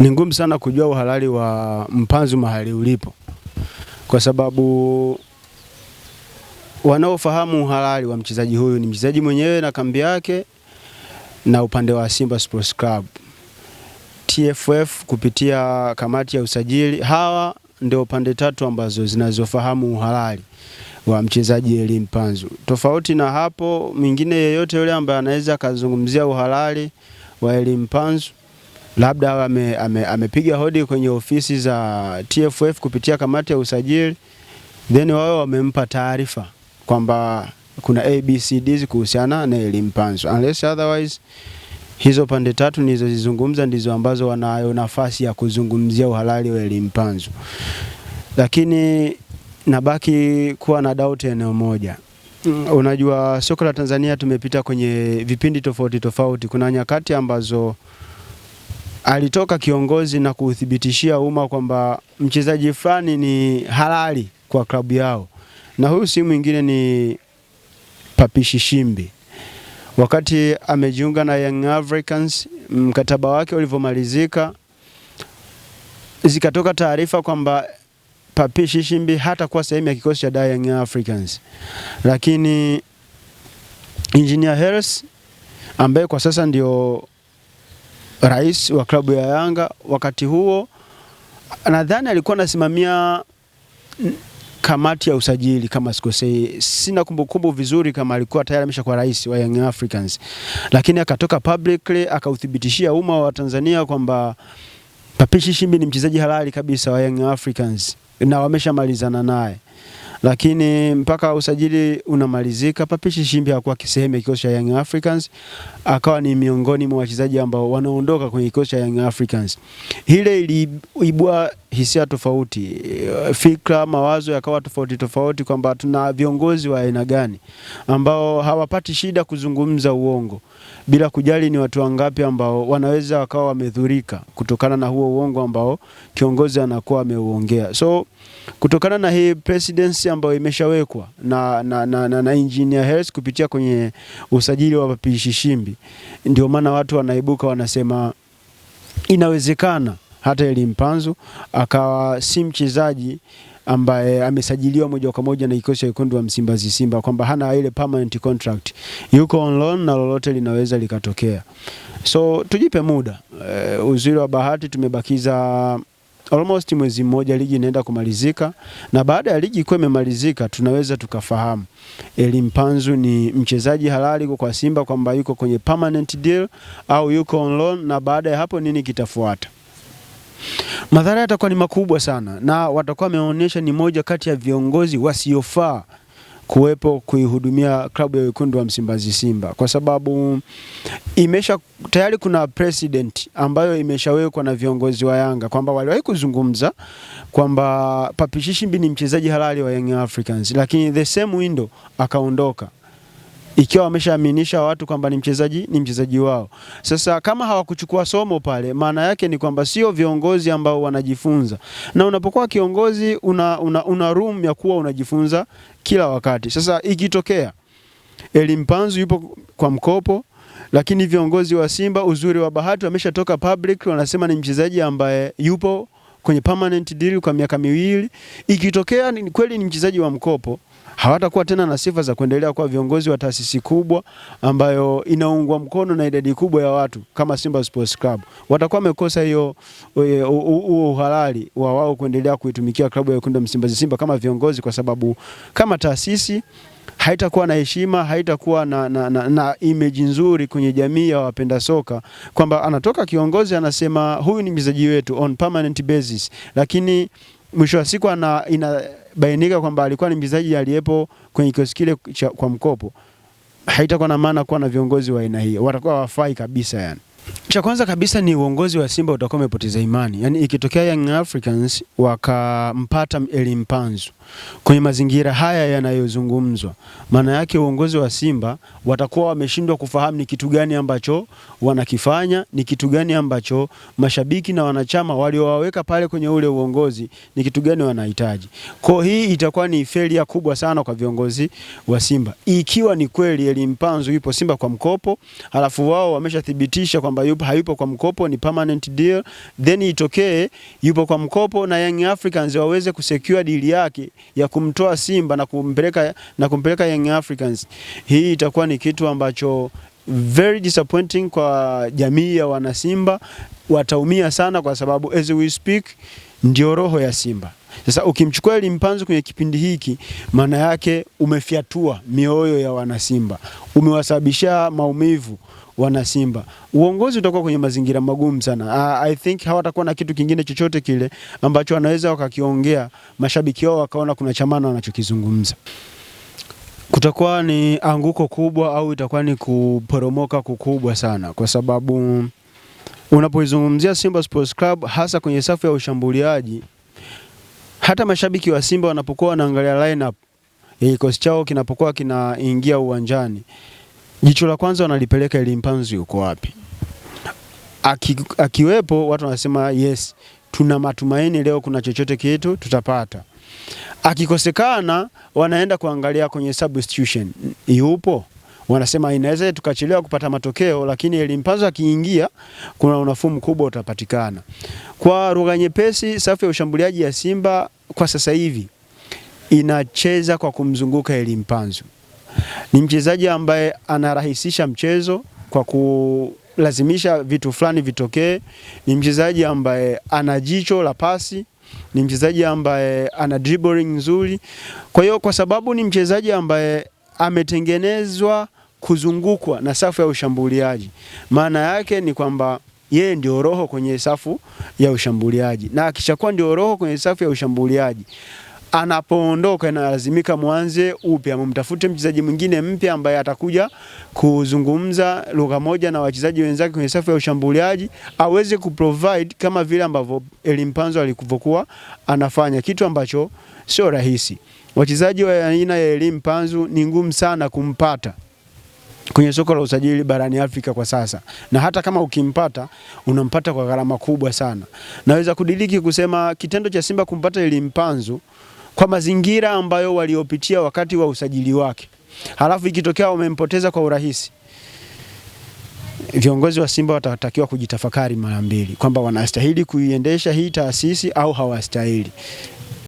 Ni ngumu sana kujua uhalali wa mpanzu mahali ulipo, kwa sababu wanaofahamu uhalali wa mchezaji huyu ni mchezaji mwenyewe na kambi yake na upande wa Simba Sports Club, TFF kupitia kamati ya usajili. Hawa ndio pande tatu ambazo zinazofahamu uhalali wa mchezaji Eli Mpanzu. Tofauti na hapo, mwingine yeyote yule ambaye anaweza akazungumzia uhalali wa Eli Mpanzu labda amepiga ame hodi kwenye ofisi za TFF kupitia kamati ya usajili, then wao wamempa taarifa kwamba kuna ABCD kuhusiana na Eli unless otherwise hizo pande tatu nilizozizungumza ndizo ambazo wanayo nafasi ya kuzungumzia uhalali wa Eli lakini nabaki kuwa na doubt eneo moja. Mm. Unajua, soko la Tanzania tumepita kwenye vipindi tofauti tofauti. Kuna nyakati ambazo alitoka kiongozi na kuuthibitishia umma kwamba mchezaji fulani ni halali kwa klabu yao, na huyu si mwingine ni Papishi Shimbi. Wakati amejiunga na Young Africans, mkataba wake ulivyomalizika, zikatoka taarifa kwamba Papishi Shimbi hatakuwa sehemu ya kikosi cha Young Africans, lakini Engineer Harris ambaye kwa sasa ndio rais wa klabu ya Yanga wakati huo, nadhani alikuwa anasimamia kamati ya usajili kama sikosei, sina kumbukumbu vizuri kama alikuwa tayari amesha kwa rais wa Young Africans, lakini akatoka publicly akauthibitishia umma wa Tanzania kwamba Papishi Shimbi ni mchezaji halali kabisa wa Young Africans na wameshamalizana naye lakini mpaka usajili unamalizika, papishi Shimbi hakuwa kisehemu ya kikosi cha Young Africans, akawa ni miongoni mwa wachezaji ambao wanaondoka kwenye kikosi cha Young Africans. Hile iliibua hisia tofauti, fikra, mawazo yakawa tofauti tofauti, kwamba tuna viongozi wa aina gani ambao hawapati shida kuzungumza uongo bila kujali ni watu wangapi ambao wanaweza wakawa wamedhurika kutokana na huo uongo ambao kiongozi anakuwa ameuongea. So kutokana na hii presidency ambayo imeshawekwa na, na, na, na, na Engineer Hersi kupitia kwenye usajili wa Papishi shimbi, ndio maana watu wanaibuka wanasema inawezekana hata Eli Mpanzu akawa si mchezaji ambaye amesajiliwa moja kwa moja na kikosi cha wekundu wa Msimbazi Simba, kwamba hana ile permanent contract, yuko on loan na lolote linaweza likatokea. So tujipe muda e, uzuri wa bahati tumebakiza almost mwezi mmoja, ligi inaenda kumalizika, na baada ya ligi kuwa imemalizika, tunaweza tukafahamu Eli Mpanzu ni mchezaji halali kwa Simba, kwamba yuko kwenye permanent deal au yuko on loan, na baada ya hapo nini kitafuata madhara yatakuwa ni makubwa sana, na watakuwa wameonyesha ni moja kati ya viongozi wasiofaa kuwepo kuihudumia klabu ya wekundu wa Msimbazi Simba, kwa sababu imesha tayari kuna president ambayo imeshawekwa na viongozi wa Yanga kwamba waliwahi kuzungumza kwamba Papichishimbi ni mchezaji halali wa Young Africans, lakini the same window akaondoka ikiwa wameshaaminisha watu kwamba ni mchezaji ni mchezaji wao. Sasa kama hawakuchukua somo pale, maana yake ni kwamba sio viongozi ambao wanajifunza, na unapokuwa kiongozi una, una, una room ya kuwa unajifunza kila wakati. Sasa ikitokea Elimpanzu yupo kwa mkopo lakini viongozi wa Simba uzuri wa bahati wameshatoka public, wanasema ni mchezaji ambaye yupo kwenye permanent deal kwa miaka miwili. Ikitokea ni kweli ni mchezaji wa mkopo, hawatakuwa tena na sifa za kuendelea kuwa viongozi wa taasisi kubwa ambayo inaungwa mkono na idadi kubwa ya watu kama Simba Sports Club. Watakuwa wamekosa hiyo huo eh, uhalali wa wao kuendelea kuitumikia klabu ya Wekundu Msimbazi Simba kama viongozi, kwa sababu kama taasisi haitakuwa na heshima, haitakuwa na, na, na, na image nzuri kwenye jamii ya wapenda soka, kwamba anatoka kiongozi anasema huyu ni mchezaji wetu on permanent basis, lakini mwisho wa siku ana inabainika kwamba alikuwa ni mchezaji aliyepo kwenye kikosi kile kwa mkopo. Haitakuwa na maana kuwa na viongozi wa aina hiyo, watakuwa wafai kabisa yani. Cha kwanza kabisa ni uongozi wa Simba utakuwa umepoteza imani. Yaani ikitokea Young Africans wakampata Eli Mpanzu kwenye mazingira haya yanayozungumzwa, maana yake uongozi wa Simba watakuwa wameshindwa kufahamu ni kitu gani ambacho wanakifanya, ni kitu gani ambacho mashabiki na wanachama waliowaweka pale kwenye ule uongozi ni kitu gani wanahitaji. Kwa hii itakuwa ni failure kubwa sana kwa viongozi wa Simba ikiwa ni kweli Eli Mpanzu yupo Simba kwa mkopo, halafu wao wameshathibitisha kwamba kwamba yupo hayupo kwa mkopo, ni permanent deal, then itokee yupo kwa mkopo na Young Africans waweze kusecure deal yake ya kumtoa Simba na kumpeleka na kumpeleka Young Africans. Hii itakuwa ni kitu ambacho very disappointing kwa jamii ya wanasimba, wataumia sana, kwa sababu as we speak ndio roho ya Simba. Sasa ukimchukua Eli Mpanzu kwenye kipindi hiki, maana yake umefyatua mioyo ya wanasimba, umewasababisha maumivu wanasimba. Uongozi utakuwa kwenye mazingira magumu sana. Ah, I think hawatakuwa na kitu kingine chochote kile ambacho wanaweza wakakiongea, mashabiki wao wakaona kuna chamana wanachokizungumza kutakuwa ni anguko kubwa au itakuwa ni kuporomoka kukubwa sana, kwa sababu unapoizungumzia Simba Sports Club hasa kwenye safu ya ushambuliaji hata mashabiki wa Simba wanapokuwa wanaangalia lineup ya eh, kikosi chao kinapokuwa kinaingia uwanjani, jicho la kwanza wanalipeleka Elimpanzu yuko wapi. Aki, akiwepo watu wanasema yes, tuna matumaini leo kuna chochote kitu tutapata. Akikosekana wanaenda kuangalia kwenye substitution yupo, wanasema inaweza tukachelewa kupata matokeo, lakini Elimpanzu akiingia kuna unafuu mkubwa utapatikana. Kwa lugha nyepesi, safu ya ushambuliaji ya Simba kwa sasa hivi inacheza kwa kumzunguka Eli Mpanzu. Ni mchezaji ambaye anarahisisha mchezo kwa kulazimisha vitu fulani vitokee. Ni mchezaji ambaye ana jicho la pasi, ni mchezaji ambaye ana dribbling nzuri. Kwa hiyo kwa sababu ni mchezaji ambaye ametengenezwa kuzungukwa na safu ya ushambuliaji, maana yake ni kwamba yeye ndio roho kwenye safu ya ushambuliaji, na akishakuwa ndio roho kwenye safu ya ushambuliaji anapoondoka inalazimika mwanze upya, mumtafute mchezaji mwingine mpya ambaye atakuja kuzungumza lugha moja na wachezaji wenzake kwenye safu ya ushambuliaji, aweze kuprovide kama vile ambavyo Elimpanzo alikuvokuwa anafanya, kitu ambacho sio rahisi. Wachezaji wa aina ya Elimpanzo ni ngumu sana kumpata kwenye soko la usajili barani Afrika kwa sasa, na hata kama ukimpata unampata kwa gharama kubwa sana. Naweza kudiriki kusema kitendo cha Simba kumpata ili Mpanzu kwa mazingira ambayo waliopitia wakati wa usajili wake, halafu ikitokea wamempoteza kwa urahisi, viongozi wa Simba watatakiwa kujitafakari mara mbili kwamba wanastahili kuiendesha hii taasisi au hawastahili.